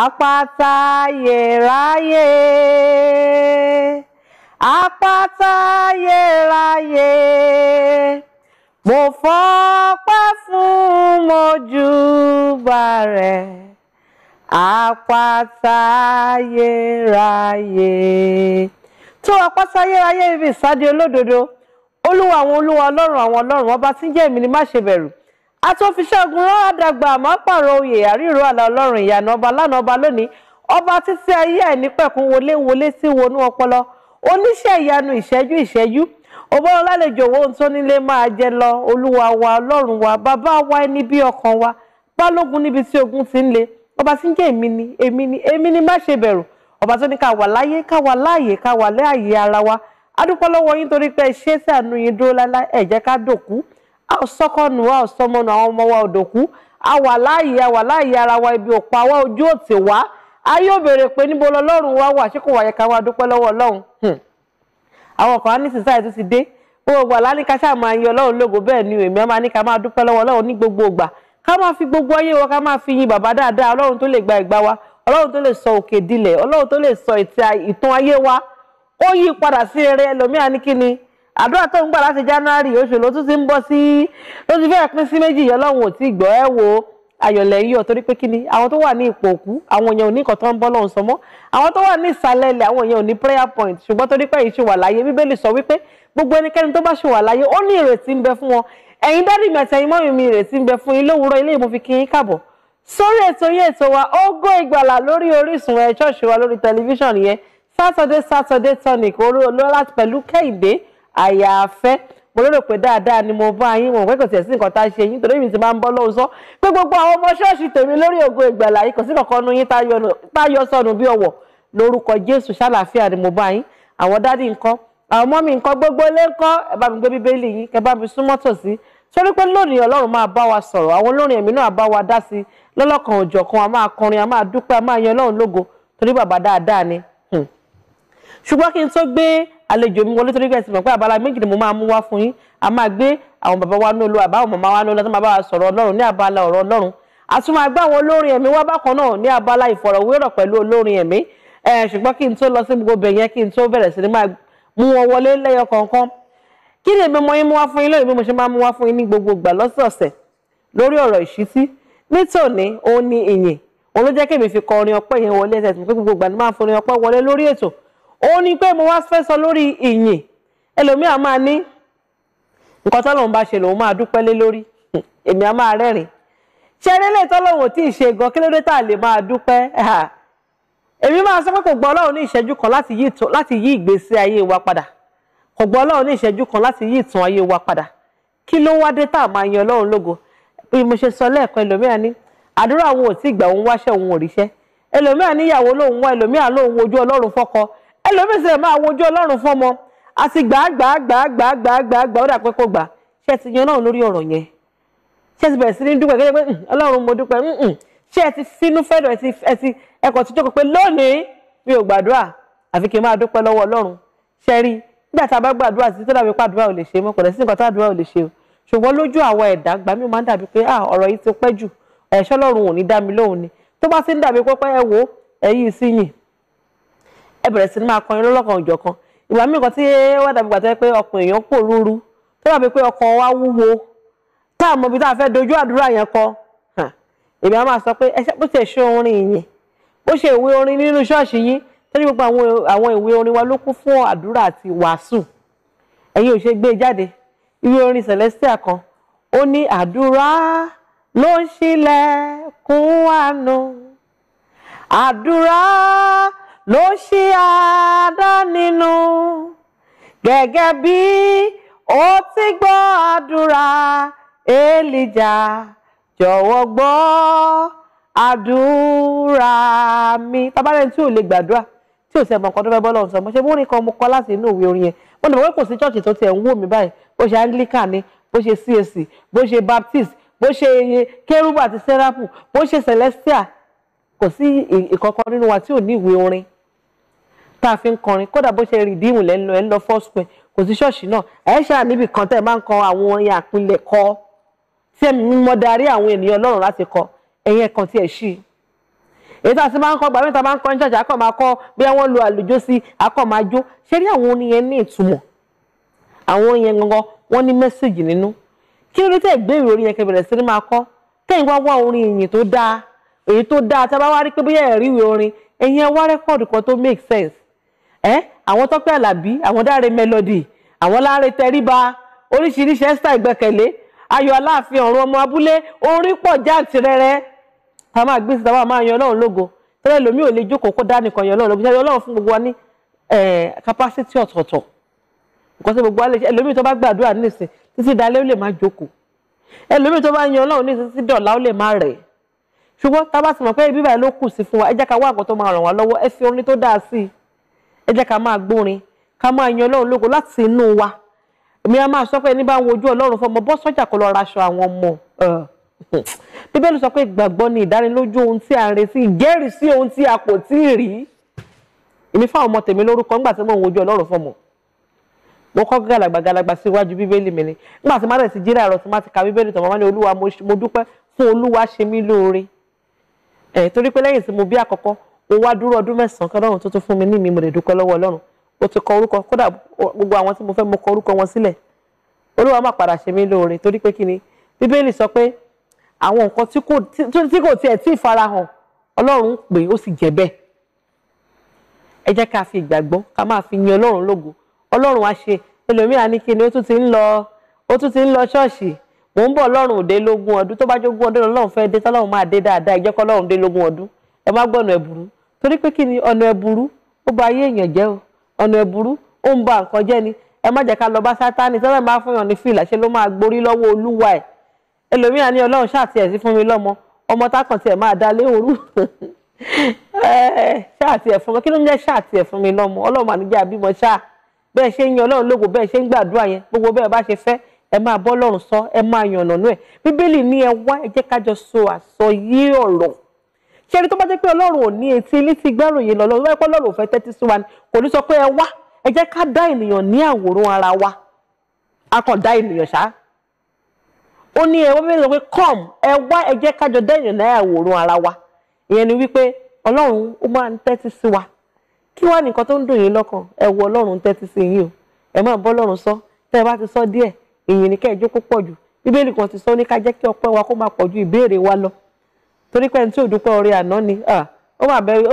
àpáta yèràyè àpáta yèràyè mo fọpẹ́ fún mojúbà rẹ̀ àpáta yèràyè tó àpáta yèràyè ibi ìsáde olódodo olúwa àwọn olúwa ọlọ́run àwọn ọlọ́run ọba tí ń jẹ́ èmi ni má ṣe bẹ̀rù àtòfiṣẹ́ ogun rán àdàgbà àmọ́ pààrọ̀ oyè àríro àlà ọlọ́run ìyànà ọba lánàá ọba lónìí ọba títí ayé ẹ̀ ní pẹ̀kún wọlé wọlé sí wọnú ọpọlọ oníṣẹ́ ìyanu ìṣẹ́jú ìṣẹ́jú òbọ̀n lálejò owó tó nílé máa jẹ lọ olúwa wa ọlọ́run wa bàbá wa ẹni bí ọkàn wa balógun níbi tí ogun ti ń le ọba tí ń jẹ́ èmi ni èmi ni èmi ni má ṣe bẹ̀rù ọba tó ní ká wà láyé ká wà láàyè ká wà láàyè ara wa adúpọ́ lọ́wọ́ yín torí pé ṣé sànú yín dúró láláì ẹ ká dòkú a ò sọ́kọ̀nù a ò sọmọnù àwọn ọmọ wa ò a wà láàyè a wà láàyè ara wa ibi òpó àwa ojú òtè wá a yóò béèrè pé níbo lọlọ́run wá wà ṣé kò wáyé ká wá dúpẹ́ lọ́wọ́ ọlọ́run hmm. àwọn kan ní sísáyẹ̀ tó ti dé gbogbo àlá ní ká ṣáà máa yin ọlọ́run lógo bẹ́ẹ̀ ni èmi máa ní ká máa dúpẹ́ lọ́wọ́ ọlọ́run ní gbogbo ìgbà ká máa fi gbogbo ayé wa ká máa fi yin bàbá dáadáa ọlọ́run tó lè gba ìgbà wa ọlọ́run tó lè sọ òkè dilẹ̀ ọlọ́run tó lè sọ ìtàn ayé wa ó yí padà sí eré ẹlòmíà ní kíni àdúrà tó ń gbà láti january oṣù ló tún ti ń bọ̀ sí ló ti fẹ́ẹ̀ pín sí méjì ọlọ́run ò tí ì gbọ́ ẹ wo ayọ̀lẹ̀ yìí ọ̀ pé kí àwọn tó wà ní ipò òkú àwọn èèyàn ò ní nǹkan tó ń bọ́ lọ́hùn sọ mọ́ àwọn tó wà ní ìsàlẹ̀ ilẹ̀ àwọn èèyàn ò ní prayer point ṣùgbọ́n torí pé èyí ṣì wà láyé bíbélì sọ wípé gbogbo ẹnikẹ́ni tó bá ṣì wà láyé ó ní ìrètí ń bẹ fún wọn ẹ̀yin dádì mi àti ẹ̀yin mọ́mì mi ìrètí ń bẹ fún yín lówùúrọ̀ ilé ìmọ̀ fi kí yín kàbọ̀ sórí ètò yín ètò wa Ògo Ìgbàlà lórí Orísun ẹ̀ ṣọ́ọ̀ṣì wa lórí tẹlifíṣàn yẹn Saturday Saturday tonic olúwa láti pẹ̀lú Kẹ́hìndé àyàfẹ́ mo lérò pé dáadáa ni mo bá yín wọn pé kò tiẹ̀ sí nǹkan tá a ṣe yín torí mi ti máa ń bọ́ lọ́hùn sọ pé gbogbo àwọn ọmọ ṣọ́ọ̀ṣì tèmi lórí ògo ìgbàlà yìí kò sí kankan nu yín tá yọ sọnù bí ọwọ́ lórúkọ Jésù ṣàlàáfíà ni mo bá yín àwọn dádì ńkọ́ àwọn ọmọ mi ńkọ́ gbogbo ilé ńkọ́ ẹ bá mi gbé bíbélì yín kẹ bá mi súnmọ́ tòsí torí pé lónìí Ọlọ́run máa bá wa sọ̀rọ̀ àwọn olórin ẹ̀mí náà bá wa dá sí lọ́lọ́kan òjọ̀kan a máa kọrin a máa dúpẹ́ a máa yan Ọlọ́run lógo torí bàbá dáadáa ni hmm. ṣùgbọ́n kí n tó àlejò mi wọlé torí pé ẹ̀sìn mọ̀ pé abala méjì ni mo máa mú wá fún yín a máa gbé àwọn bàbá wa ní olú àbá àwọn màmá wa ní olú àti máa bá wa sọ̀rọ̀ ọlọ́run ní abala ọ̀rọ̀ ọlọ́run a tún máa gbé àwọn olórin ẹ̀mí wá bákan náà ní abala ìfọ̀rọ̀wérọ̀ pẹ̀lú olórin ẹ̀mí ṣùgbọ́n kí n tó lọ sí gbogbo bẹ̀ yẹn kí n tó bẹ̀rẹ̀ sí ni máa mú wọn wọlé lẹ́yọ kọ̀ọ̀kan kí ni èmi mọ yín mú wá fún yín ni ìyìn òun ló jẹ́ kí èmi fi kọ orin ọpẹ́ yẹn wọlé ẹsẹ̀ tí mo pé gbogbo ìgbà ni máa ń ó ní pé mo wá fẹ́ sọ lórí ìyìn ẹlòmíì á máa ní nǹkan tọ́lọ́run bá ṣe lòun máa dúpẹ́ lé lórí hmm, èmi á máa rẹ́rìn ṣeré lè tọ́lọ́run ò tí ì ṣe gan kí ló dé tá a lè máa dúpẹ́ èmi máa sọ pé kò gbọ́ ọlọ́run ní ìṣẹ́jú kan láti yí ìgbésí ayé wa padà kò gbọ́ ọlọ́run ní ìṣẹ́jú kan láti yí ìtàn ayé wa padà kí ló wá dé tá a máa yan ọlọ́run lógo bí mo ṣe sọ lẹ́ẹ̀kan ẹlòmíà ní àdúrà òun ò tí ì gbà òun wáṣẹ́ òun ò ríṣẹ́ ẹlòmíà níyàwó lòun wá ẹlòmíà lòun wojú ọlọ́run fọ́kọ ẹlòmísẹ̀ máa wojú ọlọ́run fọmọ àti gbàgbàgbàgbàgbàgbà ó dà pé kò gbà ṣé ti yan ọlọ́run lórí ọ̀rọ̀ yẹn ṣé ti bẹ̀rẹ̀ sí ní dúpẹ́ gẹ́gẹ́ pé hmm, ọlọ́run mo dúpẹ́ hmm, hmm. ṣé ti sínú fẹ́dọ̀ ẹ ti ẹkọ̀ tí jókòó pé lónìí mi ò gbàdúrà àfi kí n máa dúpẹ́ lọ́wọ́ ọlọ́run ṣe rí nígbà tá a bá gbàdúrà sí tó dàbí pàdúrà ò lè ṣe mọ́ kò lẹ́sìn nǹkan tá àdúrà ò lè ṣe o ṣùgbọ́n lójú àwọn ẹ̀dá gbà mí ó máa ń dàbí pé ah, ọ̀rọ̀ yìí ti pẹ́ jù ẹ̀ṣọ́ lọ́run ò ní dá mi lóhùn ni tó bá ti ń dàbí pẹ́pẹ́ ẹ wò ẹ̀yìn sí yìn ẹ bẹ̀rẹ̀ sí ní máa kọrin lọ́lọ́kan òjọ̀kan ìgbà míì kan tí wá dàbí gbàtẹ́ pé ọkàn èèyàn pò lóru tó dàbí pé ọkàn wa wúwo tá a mọ ibi tá a fẹ́ dojú àdúrà yẹn kọ èmi á máa sọ pé ẹṣẹ bó ṣe ṣe orin yẹn bó ṣe ìwé orin nínú ṣọ́ọ̀ṣì yín tó ní gbogbo àwọn ìwé orin wa ló kún fún àdúrà àti wàásù ẹ̀yin ò ṣe gbé e jáde ìwé orin celestia kan ó ní àdúrà ló ń ṣílẹ̀kùn àánú àdúrà ló ṣí adá nínú gẹ́gẹ́ bí ó ti gbọ́ àdúrà Èlíjà jọ̀wọ́ gbọ́ àdúrà mi tabalẹ̀ tí ò lè gbàdúrà tí ò sì ẹ̀mọ̀ kan tó fẹ́ bọ́ lọ́run sọ mo ṣe mú orin kan mo kọ láti inú òwe orin yẹn mo lè mọ̀ pé kò sí chọ́ọ̀chì tó tiẹ̀ ń wò mí báyìí bó ṣe Anglican ni bó ṣe CAC bó ṣe Baptist bó ṣe Kérúbù àti Sẹ́ráfù bó ṣe Celestial kò sí ìkọ̀kan nínú wa tí ò ní ìwé orin tá a fi ń kọrin kódà bó ṣe rìdíìmù lẹ́nu ẹ̀ ń lọ foursquare kò sí ṣọ́ọ̀ṣì náà ẹ̀ ṣáà níbi kan tẹ́ ẹ máa ń kọ àwọn orin àpilẹ̀kọ tí ẹ̀mí mímọ́ darí àwọn ènìyàn ọlọ́run láti kọ ẹ̀yìn ẹ̀kan tí ẹ̀ ṣì í èyí tá a ti máa ń kọ gbàmí tá a máa ń kọ ní ṣọ́ọ̀ṣì akọ̀ máa kọ bí wọ́n lu àlùjọ sí akọ̀ máa jó ṣé rí àwọn orin yẹn ní ìtumọ̀ àwọn orin yẹn gangan wọ́n ní mẹ́sẹ̀gì nínú kí ló dé tẹ́ gbé ìròyìn yẹn kẹbẹ̀rẹ̀ sí ni máa kọ́ kẹ́yìn wá wá orin ìyìn tó dáa èyí tó dáa tá a bá wá rí pé bóyá ẹ̀rí ìwé orin ẹ̀yin ẹ wá rẹ́kọ̀dù kan tó make sense ẹ àwọn Tọ́pẹ́ Àlàbí àwọn Dáre Melody àwọn Láre Tẹríba oríṣiríṣi Esther Ìgbẹ́kẹ̀lé Ayọ̀ Aláàfin ọ̀run ọmọ abúlé orin pọ̀ jáǹtìrẹrẹ tá a máa gbé síta wà máa yan Ọlọ́run lógo tẹ́lẹ̀ lómi ò lè jókòó kó dánìkan yan Ọlọ́run lógo yan Ọlọ́run fún gbogbo wa ní capacity ọ̀tọ̀ọ̀tọ̀ nǹkan tí gbogbo wa lè ṣe ẹlòmíì tó bá gbàdúrà nísìn títí dalẹ́ ó lè má jókòó ẹlòmíì tó bá yan Ọlọ́run nísìn títí dọ̀la ó lè má rẹ̀ ṣùgbọ́n tá a bá sì mọ̀ pé ibi báyìí ló kù sí fún wa ẹ jẹ́ ká wá nǹkan tó máa ràn wá lọ́wọ́ ẹ fi orin tó dáa sí i jẹ́ ká máa gbórin ká máa yan ọlọ́run lógo láti inú wa èmi á máa sọ pé ẹni bá ń wojú ọlọ́run fọmọ bọ́ sọ́jà kó lọ raṣọ àwọn ọmọ bíbélì sọ pé ìgbàgbọ́ ni ìdánilójú ohun tí a ń retí ìjẹ́rìísí ohun tí a kò tí ì rí èmi fáwọn ọmọ tèmi lórúkọ nígbà tí mò ń wojú ọlọ́run fọmọ mo kọ́ gàlàgbà gàlàgbà síwájú bíbélì mi ni nígbà tí mádẹ̀ ti jí láàárọ̀ tí má ti ka bíbélì tó máa ní olúwa mo dúpẹ́ fún olúwa ṣe mí lóore ẹ̀ torí pé lẹ́yìn tí mo bí àkọ́kọ́ o wá dúró ọdún mẹ́sàn-án kọ́lọ́run tó tún fún mi ní mi mo lè dúpẹ́ lọ́wọ́ ọlọ́run ó ti kọ orúkọ kódà gbogbo àwọn tí mo fẹ́ mo kọ orúkọ wọn sílẹ̀ olúwa má padà ṣe mí lóore torí pé kí ni bíbélì sọ pé àwọn nǹkan tí kò tiẹ̀ tí ì farahàn ọlọ́run ń pè ó sì jẹ́ bẹ́ẹ̀ ẹ jẹ́ ká fi ìgbàgbọ́ ká máa fi yin ọlọ́run lógo ọlọ́run á ṣe ẹlòmíà ní kí ni ó tún ti ń lọ ó tún ti ń lọ ṣọ́ọ̀ṣì mò ń bọ̀ ọlọ́run ò dé lógún ọdún tó bá jogún ọdún lọ́lọ́run fẹ́ dé tọ́lọ́run máa dé dáadáa ẹ jẹ́ kọ́ ọlọ́run dé lógún ọdún má gbọ́nà ẹ̀bùrú torí pé kí ni ọ̀nà ẹ̀bùrú ó ba ayé èèyàn jẹ́ o ọ̀nà ẹ̀bùrú ó ń bà nǹkan jẹ́ ni ẹ má jẹ́ ká lọ bá sátánì tọ́lá máa fún yàn ní fìlà ṣe ló máa gborí lọ́wọ́ olúwa ẹ̀ ẹlòmíà ní ọlọ́run ṣáàtì ẹ̀ sí fún mi lọ́mọ ọmọ tákàn tiẹ̀ máa da lé òru ṣáàtì ẹ̀ fún mi kí ló ń jẹ́ ṣáàtì ẹ̀ fún mi lọ́mọ ọlọ́run ṣáà bẹ́ẹ̀ ṣé ẹni tó bá jẹ́ pé ọlọ́run ò ní etí létí gbárùyìn lọ lọ́wọ́ ẹ̀kọ́ ọlọ́run ò fẹ́ ni kò ní sọ pé ẹ wá ẹ jẹ́ ká dá ènìyàn ara wa a kàn dá ènìyàn ṣá ó ní ẹwọ́n mẹ́rin pé com ẹ wá ẹ jẹ́ ká ara wa ìyẹn ni wípé ọlọ́run ó máa ń tẹ́tí sí wa kí wá nìkan tó ń dùn yín lọ́kàn ẹ ọlọ́run tẹ́tí o ẹ máa bọ́ ọlọ́run sọ tẹ́ ẹ bá ti sọ díẹ̀ ìyìn ẹ jókòó sọ ní ká jẹ́ kí ọpẹ́ wa kó máa torí pé ẹni tí ò dúpẹ́ orí àná ni ó mà bẹ́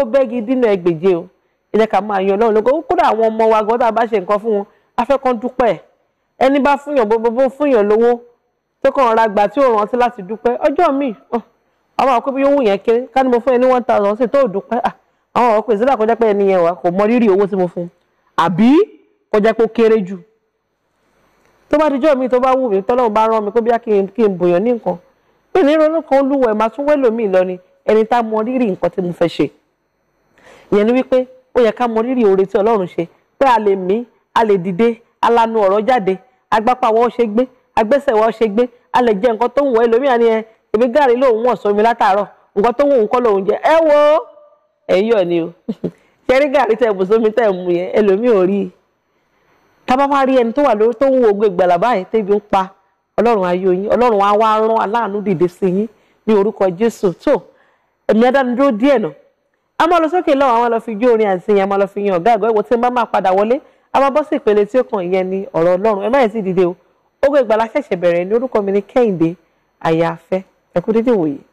ó bẹ́gi dínà ẹgbèje o ẹ jẹ́ ká máa yan Ọlọ́run lógo kódà àwọn ọmọ wa gan tá a bá ṣe nǹkan fún wọn afẹ́kàn dúpẹ́ ẹni bá fúnyàn bóbóbó fúnyàn lówó tó kàn ra gbà tí ò rántí láti dúpẹ́ ọjọ́ míì àwọn àwọn yóò wù yẹn kéré ká ní mo fún ẹ one thousand ṣe tó ò dúpẹ́ àwọn ọ̀rọ̀ pé sílẹ̀ kọjá pé ẹni yẹn wà kò mọ rírì owó tí mo fún àbí kọjá pé ó kéré jù tó bá dijọ́ mi tó bá wù mí tọ́lọ́run bá rán mi pé bí kí n bùyàn ní nǹkan ìnirọ́nù kan olúwa ẹ̀ máa tún wẹ́lòmíì lọ ni ẹni tá a mọ rírì nǹkan tí mo fẹ́ ṣe ìyẹn ni wípé ó yẹ ká mọ rírì oore tí ọlọ́run ṣe pé a lè mí a lè dìde alanu ọ̀rọ̀ jáde agbápá wa ó ṣe gbé agbẹ́sẹ̀ wa ó ṣe gbé a lè jẹ nǹkan tó ń wọ ẹlòmíì àni èmi gàrí lòun wọ̀n sómi látàárọ̀ nǹkan tó ń nǹkan lòun jẹ ẹ wo ẹ̀yọ̀ ni o ṣẹ́rí gàrí tẹ̀ bùsómi tẹ̀ mú yẹn ẹlòmíì ò rí i tá bá wá rí ẹni tó wà lórí tó ń wo ògbó báyìí tébi ń pa ọlọ́run ayé yín ọlọ́run á wá rán aláàánú dìde sí yín ní orúkọ jésù tó ẹ̀mí adánudúró díẹ̀ nà a máa lọ sókè lọ́wọ́ àwọn lọ fi jó orin àti ìyẹn a máa lọ fi yan ọ̀gá ẹ̀gọ́ ìwò tí má máa padà wọlé a máa bọ́ sí ìpele tí ó kàn ìyẹn ni ọ̀rọ̀ ọlọ́run ẹ má yẹ sí dìde o Ògo Ìgbàlà ṣẹ̀ṣẹ̀ bẹ̀rẹ̀ ní orúkọ mi ní Kẹ́hìndé Àyàfẹ́ ẹ kú dédé